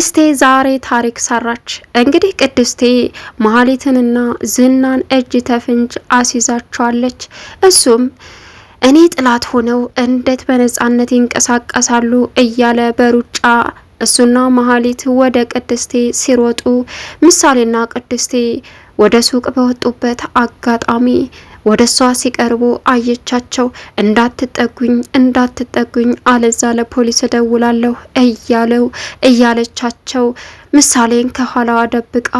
ቅድስቴ ዛሬ ታሪክ ሰራች። እንግዲህ ቅድስቴ መሀሊትንና ዝናን እጅ ተፍንጅ አስይዛቸዋለች። እሱም እኔ ጥላት ሆነው እንዴት በነጻነት ይንቀሳቀሳሉ እያለ በሩጫ እሱና መሀሊት ወደ ቅድስቴ ሲሮጡ ምሳሌና ቅድስቴ ወደ ሱቅ በወጡበት አጋጣሚ ወደ እሷ ሲቀርቡ አየቻቸው። እንዳትጠጉኝ እንዳትጠጉኝ፣ አለዛ ለፖሊስ እደውላለሁ እያለው እያለቻቸው ምሳሌን ከኋላዋ ደብቃ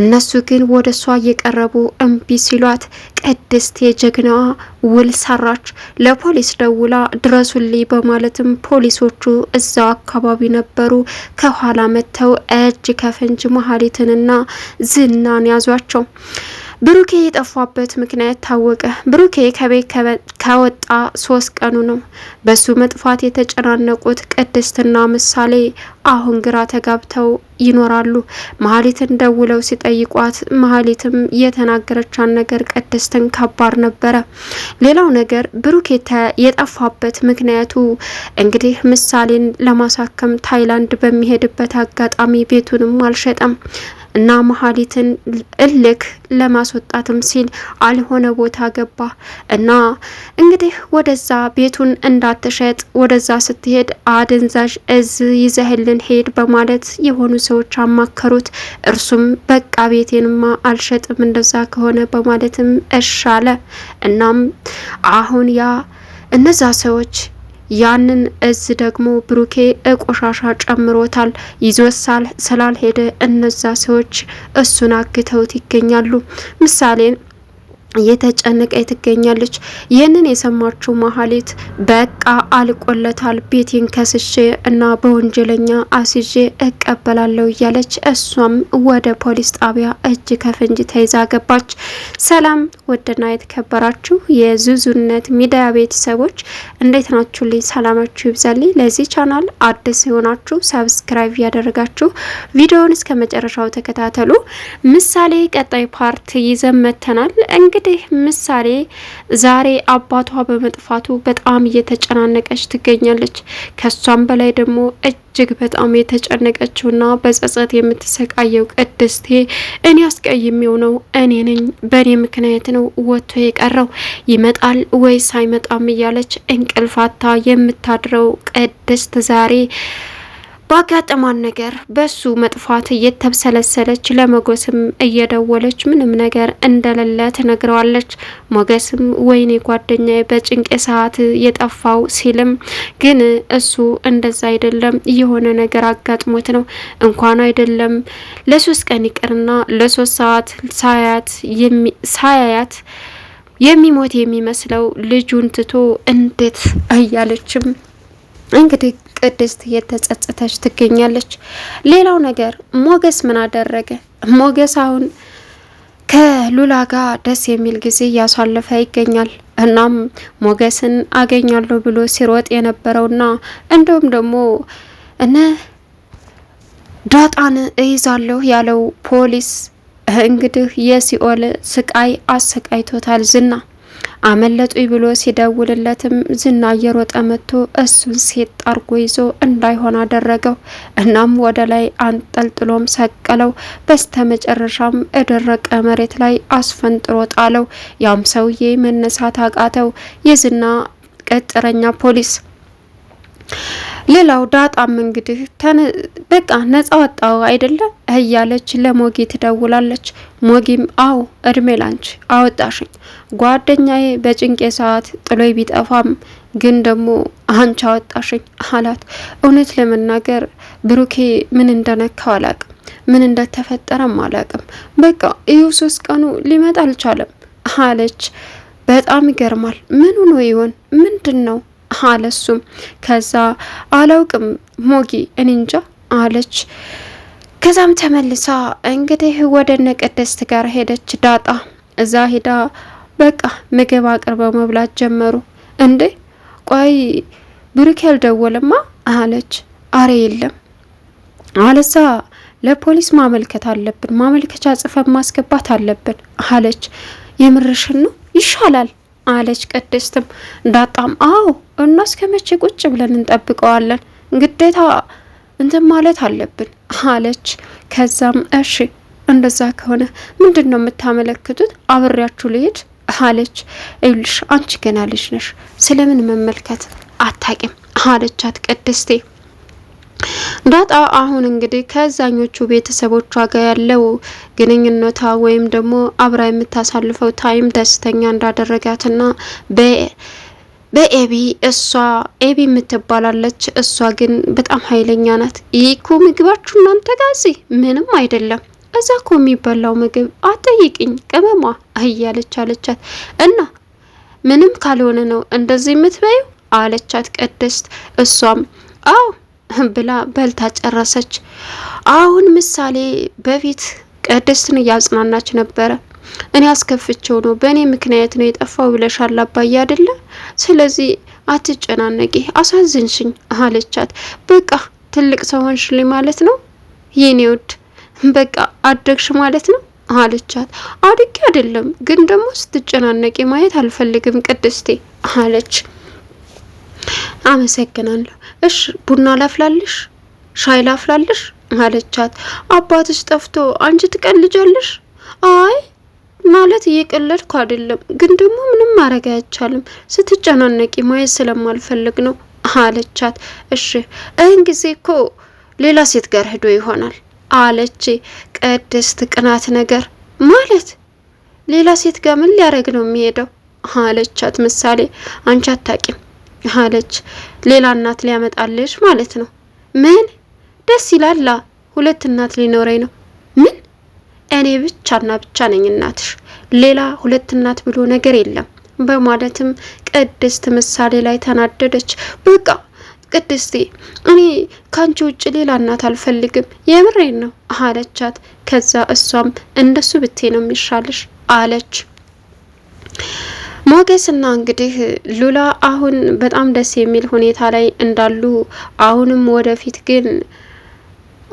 እነሱ ግን ወደ እሷ እየቀረቡ እምቢ ሲሏት ቅድስት የጀግናዋ ውል ሰራች። ለፖሊስ ደውላ ድረሱልኝ በማለትም ፖሊሶቹ እዛው አካባቢ ነበሩ። ከኋላ መጥተው እጅ ከፈንጅ መሀሊትንና ዝናን ያዟቸው። ብሩኬ የጠፋበት ምክንያት ታወቀ። ብሩኬ ከቤት ከወጣ ሶስት ቀኑ ነው። በሱ መጥፋት የተጨናነቁት ቅድስትና ምሳሌ አሁን ግራ ተጋብተው ይኖራሉ። መሀሊትን ደውለው ሲጠይቋት መሀሊትም የተናገረቻን ነገር ቅድስትን ከባድ ነበረ። ሌላው ነገር ብሩኬ የጠፋበት ምክንያቱ እንግዲህ ምሳሌን ለማሳከም ታይላንድ በሚሄድበት አጋጣሚ ቤቱንም አልሸጠም። እና መሀሊትን እልክ ለማስወጣትም ሲል አልሆነ ቦታ ገባ እና እንግዲህ ወደዛ ቤቱን እንዳትሸጥ ወደዛ ስትሄድ አደንዛዥ እዝ ይዘህልን ሄድ በማለት የሆኑ ሰዎች አማከሩት። እርሱም በቃ ቤቴንማ አልሸጥም እንደዛ ከሆነ በማለትም እሻለ። እናም አሁን ያ እነዛ ሰዎች ያንን እዝ ደግሞ ብሩኬ እቆሻሻ ጨምሮታል። ይዞሳል ስላልሄደ እነዛ ሰዎች እሱን አግተውት ይገኛሉ ምሳሌን እየተጨነቀች ትገኛለች። ይህንን የሰማችው መሀሌት በቃ አልቆለታል፣ ቤቴን ከስሼ እና በወንጀለኛ አስዤ እቀበላለሁ እያለች እሷም ወደ ፖሊስ ጣቢያ እጅ ከፍንጅ ተይዛ ገባች። ሰላም ውድና የተከበራችሁ የዙዙነት ሚዲያ ቤተሰቦች እንዴት ናችሁልኝ? ሰላማችሁ ይብዛልኝ። ለዚህ ቻናል አዲስ የሆናችሁ ሰብስክራይብ እያደረጋችሁ ቪዲዮውን እስከ መጨረሻው ተከታተሉ። ምሳሌ ቀጣይ ፓርት ይዘን መጥተናል። እንግዲህ ምሳሌ ዛሬ አባቷ በመጥፋቱ በጣም እየተጨናነቀች ትገኛለች። ከሷም በላይ ደግሞ እጅግ በጣም የተጨነቀችውና በጸጸት የምትሰቃየው ቅድስቴ እኔ አስቀይሜው ነው፣ እኔ ነኝ፣ በእኔ ምክንያት ነው ወጥቶ የቀረው ይመጣል ወይስ አይመጣም እያለች እንቅልፋታ የምታድረው ቅድስት ዛሬ ባጋጠማን ነገር በሱ መጥፋት እየተብሰለሰለች ለሞገስም እየደወለች ምንም ነገር እንደሌለ ትነግረዋለች። ሞገስም ወይኔ ጓደኛ በጭንቄ ሰዓት የጠፋው ሲልም ግን እሱ እንደዛ አይደለም የሆነ ነገር አጋጥሞት ነው። እንኳን አይደለም ለሶስት ቀን ይቅርና ለሶስት ሰዓት ሳያት ሳያያት የሚሞት የሚመስለው ልጁን ትቶ እንዴት እያለችም እንግዲህ ቅድስት እየተጸጸተች ትገኛለች። ሌላው ነገር ሞገስ ምን አደረገ? ሞገስ አሁን ከሉላ ጋር ደስ የሚል ጊዜ እያሳለፈ ይገኛል። እናም ሞገስን አገኛለሁ ብሎ ሲሮጥ የነበረውና እንዲሁም ደግሞ እነ ዳጣን እይዛለሁ ያለው ፖሊስ እንግዲህ የሲኦል ስቃይ አሰቃይቶታል ዝና አመለጡ ብሎ ሲደውልለትም ዝና እየሮጠ መጥቶ እሱን ሴት አርጎ ይዞ እንዳይሆን አደረገው። እናም ወደ ላይ አንጠልጥሎም ሰቀለው። በስተ መጨረሻም የደረቀ መሬት ላይ አስፈንጥሮ ጣለው። ያም ሰውዬ መነሳት አቃተው። የዝና ቅጥረኛ ፖሊስ ሌላው ዳጣም እንግዲህ በቃ ነጻ ወጣው አይደለም እያለች ለሞጌ ትደውላለች። ሞጊም አው እድሜ ላንች አወጣሽኝ፣ ጓደኛዬ በጭንቄ ሰዓት ጥሎይ ቢጠፋም ግን ደግሞ አንቺ አወጣሽኝ አላት። እውነት ለመናገር ብሩኬ ምን እንደነካው አላቅም፣ ምን እንደተፈጠረም አላቅም። በቃ ይህ ሶስት ቀኑ ሊመጣ አልቻለም አለች። በጣም ይገርማል። ምን ሆኖ ይሆን? ምንድን ነው አለሱም። ከዛ አላውቅም ሞጊ እኔ እንጃ አለች። ከዛም ተመልሳ እንግዲህ ወደ እነ ቅድስት ጋር ሄደች ዳጣ። እዛ ሄዳ በቃ ምግብ አቅርበው መብላት ጀመሩ። እንዴ ቆይ ብሩክ ያልደወለማ አለች። አረ የለም አለሳ ለፖሊስ ማመልከት አለብን፣ ማመልከቻ ጽፈን ማስገባት አለብን አለች። የምርሽን ነው ይሻላል አለች ቅድስትም። ዳጣም አዎ እና እስከ መቼ ቁጭ ብለን እንጠብቀዋለን? ግዴታ እንትን ማለት አለብን አለች። ከዛም እሺ እንደዛ ከሆነ ምንድን ነው የምታመለክቱት? አብሬያችሁ ልሄድ አለች። ይኸውልሽ አንቺ ገና ልጅ ነሽ፣ ስለምን መመልከት አታቂም አለቻት ቅድስቴ ዳጣ አሁን እንግዲህ ከዛኞቹ ቤተሰቦቿ ጋር ያለው ግንኙነቷ ወይም ደግሞ አብራ የምታሳልፈው ታይም ደስተኛ እንዳደረጋትና በ በኤቢ እሷ ኤቢ የምትባላለች እሷ ግን በጣም ኃይለኛ ናት። ይህ እኮ ምግባችሁ እናንተ ጋዚ ምንም አይደለም፣ እዛ እኮ የሚበላው ምግብ አጠይቂኝ ቅመሟ እያለች አለቻት። እና ምንም ካልሆነ ነው እንደዚህ የምትበዩ አለቻት ቅድስት እሷም አዎ ብላ በልታ ጨረሰች። አሁን ምሳሌ በፊት ቅድስትን እያጽናናች ነበረ። እኔ አስከፍቸው ነው በእኔ ምክንያት ነው የጠፋው ብለሻል አባዬ አይደለ? ስለዚህ አትጨናነቂ፣ አሳዝንሽኝ አለቻት። በቃ ትልቅ ሰው ሆንሽልኝ ማለት ነው የኔ ውድ፣ በቃ አደግሽ ማለት ነው አለቻት። አድጌ አይደለም ግን ደግሞ ስትጨናነቂ ማየት አልፈልግም ቅድስቴ አለች። አመሰግናለሁ። እሽ ቡና ላፍላልሽ፣ ሻይ ላፍላልሽ አለቻት። አባትሽ ጠፍቶ አንቺ ትቀልጃለሽ? አይ ማለት እየቀለድኩ አይደለም፣ ግን ደግሞ ምንም ማድረግ አይቻልም። ስትጨናነቂ ማየት ስለማልፈልግ ነው አለቻት። እሺ እህን ጊዜ እኮ ሌላ ሴት ጋር ሄዶ ይሆናል አለች ቅድስት። ቅናት ነገር ማለት ሌላ ሴት ጋር ምን ሊያደርግ ነው የሚሄደው አለቻት ምሳሌ። አንቺ አታቂም አለች። ሌላ እናት ሊያመጣልሽ ማለት ነው? ምን ደስ ይላላ። ሁለት እናት ሊኖረኝ ነው። ምን እኔ ብቻና ብቻ ነኝ እናትሽ። ሌላ ሁለት እናት ብሎ ነገር የለም በማለትም ቅድስት ምሳሌ ላይ ተናደደች። በቃ ቅድስቴ እኔ ካንቺ ውጭ ሌላ እናት አልፈልግም፣ የምሬን ነው አለቻት። ከዛ እሷም እንደሱ ብቴ ነው የሚሻልሽ አለች። ሞገስና እንግዲህ ሉላ አሁን በጣም ደስ የሚል ሁኔታ ላይ እንዳሉ፣ አሁንም ወደፊት ግን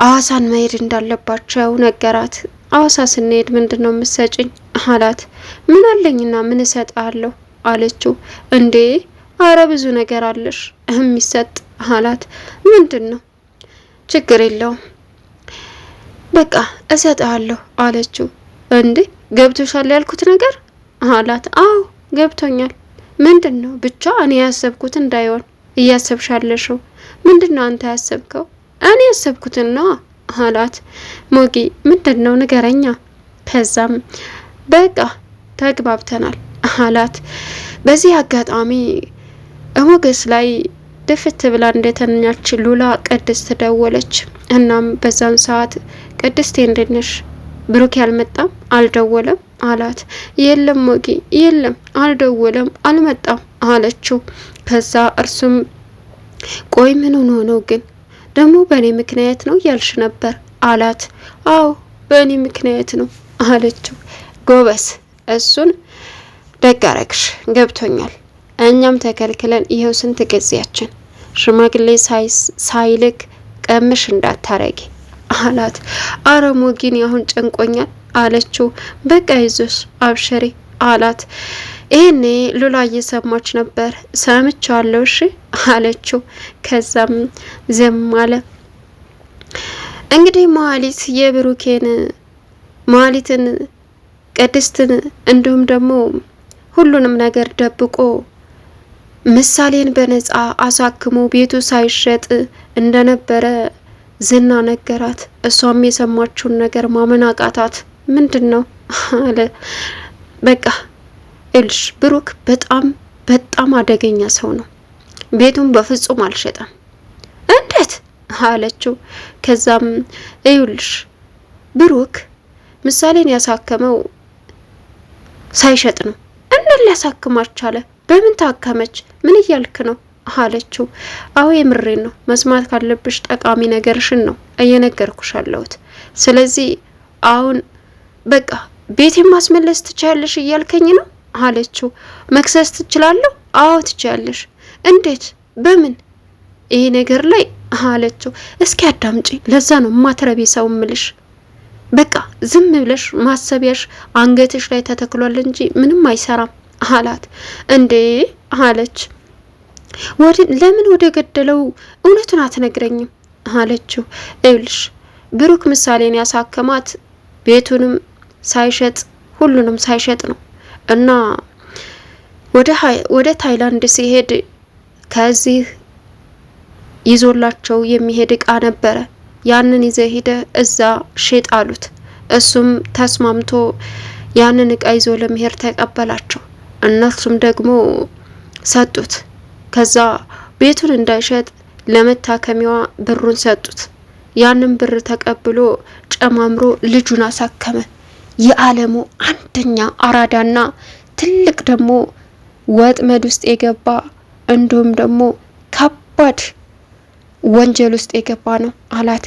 አዋሳን መሄድ እንዳለባቸው ነገራት። አዋሳ ስንሄድ ምንድን ነው የምሰጭኝ አላት። ምን አለኝና ምን እሰጥ አለሁ አለችው። እንዴ አረ ብዙ ነገር አለሽ የሚሰጥ አላት። ምንድን ነው? ችግር የለውም በቃ እሰጣለሁ አለሁ አለችው። እንዴ ገብቶሻል ያልኩት ነገር አላት። አዎ ገብቶኛል። ምንድን ነው ብቻ እኔ ያሰብኩት እንዳይሆን እያሰብሻለሽው። ምንድን ነው አንተ ያሰብከው? እኔ ያሰብኩትን ነው አላት። ሞጊ ምንድን ነው ንገረኛ። ከዛም በቃ ተግባብተናል አላት። በዚህ አጋጣሚ ሞገስ ላይ ድፍት ብላ እንደተኛች ሉላ ቅድስት ደወለች። እናም በዛን ሰዓት ቅድስቴ እንድንሽ ብሩክ ያልመጣም አልደወለም አላት። የለም ወጌ የለም፣ አልደወለም፣ አልመጣም አለችው። ከዛ እርሱም ቆይ ምን ሆኖ ነው ግን ደግሞ በእኔ ምክንያት ነው ያልሽ ነበር አላት። አዎ በእኔ ምክንያት ነው አለችው። ጎበስ እሱን ደግ አረግሽ፣ ገብቶኛል። እኛም ተከልክለን ይኸው ስንት ጊዜያችን ሽማግሌ ሳይልክ ቀምሽ እንዳታረጊ አላት። ግን ያሁን ጨንቆኛል አለችው። በቃ ይዞሽ አብሸሪ አላት። ይህኔ ሉላ እየሰማች ነበር። ሰምቻለሁ እሺ አለችው። ከዛም ዝም አለ። እንግዲህ መሀሊት የብሩኬን መሀሊትን ቅድስትን እንዲሁም ደግሞ ሁሉንም ነገር ደብቆ ምሳሌን በነጻ አሳክሞ ቤቱ ሳይሸጥ እንደነበረ ዝና ነገራት። እሷም የሰማችውን ነገር ማመን አቃታት። ምንድን ነው አለ። በቃ እልሽ ብሩክ በጣም በጣም አደገኛ ሰው ነው። ቤቱን በፍጹም አልሸጠም። እንዴት አለችው። ከዛም እዩልሽ ብሩክ ምሳሌን ያሳከመው ሳይሸጥ ነው። እንዴት ሊያሳክማች አለ? በምን ታከመች? ምን እያልክ ነው አለችው። አሁ የምሬን ነው። መስማት ካለብሽ ጠቃሚ ነገርሽን ነው እየነገርኩሽ አለሁት። ስለዚህ አሁን በቃ ቤቴን ማስመለስ ትችያለሽ እያልከኝ ነው አለችው። መክሰስ ትችላለሁ? አዎ ትችያለሽ። እንዴት? በምን? ይህ ነገር ላይ አለችው። እስኪ አዳምጪ። ለዛ ነው ማትረቢ ሰው ምልሽ በቃ ዝም ብለሽ ማሰቢያሽ አንገትሽ ላይ ተተክሏል እንጂ ምንም አይሰራም አላት። እንዴ አለች። ለምን ወደ ገደለው እውነቱን አትነግረኝም አለችው። እብልሽ ብሩክ ምሳሌን ያሳከማት ቤቱንም ሳይሸጥ ሁሉንም ሳይሸጥ ነው እና ወደ ታይላንድ ሲሄድ ከዚህ ይዞላቸው የሚሄድ እቃ ነበረ። ያንን ይዘ ሄደ እዛ ሽጥ አሉት። እሱም ተስማምቶ ያንን እቃ ይዞ ለመሄድ ተቀበላቸው። እነሱም ደግሞ ሰጡት። ከዛ ቤቱን እንዳይሸጥ ለመታከሚዋ ብሩን ሰጡት። ያንን ብር ተቀብሎ ጨማምሮ ልጁን አሳከመ። የዓለሙ አንደኛ አራዳና ትልቅ ደግሞ ወጥመድ ውስጥ የገባ እንዲሁም ደግሞ ከባድ ወንጀል ውስጥ የገባ ነው አላት።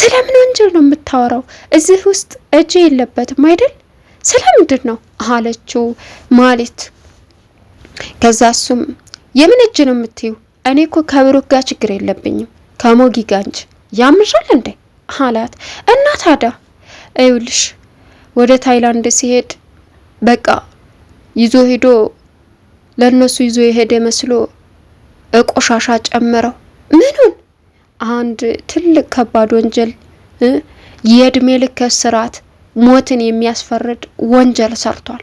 ስለምን ወንጀል ነው የምታወራው? እዚህ ውስጥ እጅ የለበትም አይደል? ስለምንድን ነው አለችው ማለት ከዛ እሱም የምን እጅ ነው የምትዩ? እኔ እኮ ከብሩክ ጋር ችግር የለብኝም ከሞጊ ጋር እንጂ ያምሻል እንዴ አላት። እና ታዲያ ይውልሽ ወደ ታይላንድ ሲሄድ በቃ ይዞ ሄዶ ለእነሱ ይዞ የሄደ መስሎ እቆሻሻ ጨመረው። ምኑን አንድ ትልቅ ከባድ ወንጀል የእድሜ ልክ እስራት ሞትን የሚያስፈርድ ወንጀል ሰርቷል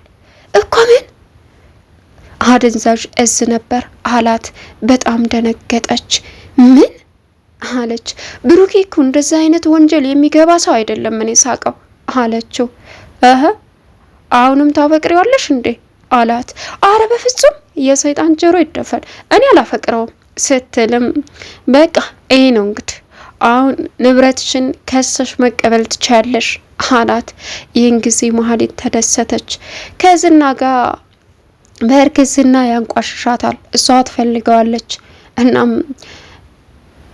እኮ ምን አደንዛዥ እጽ ነበር አላት። በጣም ደነገጠች። ምን አለች። ብሩኬ እኮ እንደዛ አይነት ወንጀል የሚገባ ሰው አይደለም እኔ ሳቀው አለችው። እህ አሁንም ታፈቅሪዋለሽ እንዴ አላት። አረ በፍጹም የሰይጣን ጆሮ ይደፈን፣ እኔ አላፈቅረውም ስትልም በቃ ይሄ ነው እንግዲህ አሁን ንብረትሽን ከሰሽ መቀበል ትችያለሽ አላት። ይህን ጊዜ መሀሊት ተደሰተች። ከዝና ጋር በእርግዝና ያንቋሽሻታል። እሷ ትፈልገዋለች። እናም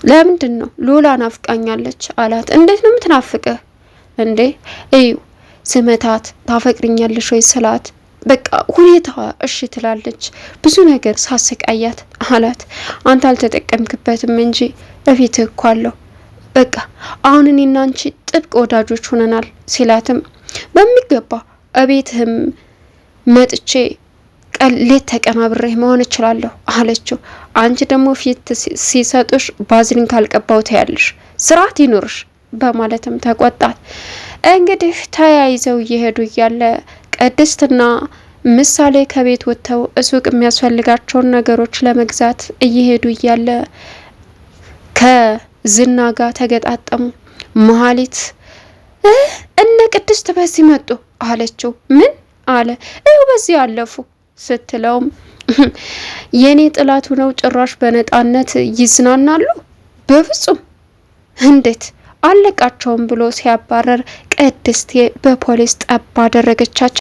ለምንድን ነው ሉላ ናፍቃኛለች አላት። እንዴት ነው የምትናፍቅህ እንዴ? እዩ ስመታት ታፈቅርኛለሽ ወይ ስላት በቃ ሁኔታ እሺ ትላለች። ብዙ ነገር ሳሰቃያት አላት። አንተ አልተጠቀምክበትም እንጂ በፊት እኮ በቃ አሁን እኔና አንቺ ጥብቅ ወዳጆች ሆነናል ሲላትም በሚገባ እቤትህም መጥቼ ቀን ሌት ተቀን አብሬህ መሆን እችላለሁ አለችው። አንቺ ደግሞ ፊት ሲሰጡሽ ባዝሊን ካልቀባው ታያለሽ፣ ስርዓት ይኑርሽ በማለትም ተቆጣት። እንግዲህ ተያይዘው እየሄዱ እያለ ቅድስትና ምሳሌ ከቤት ወጥተው እሱቅ የሚያስፈልጋቸውን ነገሮች ለመግዛት እየሄዱ እያለ ከዝና ጋር ተገጣጠሙ። መሀሊት እነ ቅድስት በዚህ መጡ አለችው። ምን አለ? ይኸው በዚህ አለፉ ስትለውም የእኔ ጥላቱ ነው ጭራሽ በነጣነት ይዝናናሉ? በፍጹም እንዴት አለቃቸውም ብሎ ሲያባረር ቅድስቴ በፖሊስ ጠብ አደረገቻቸው።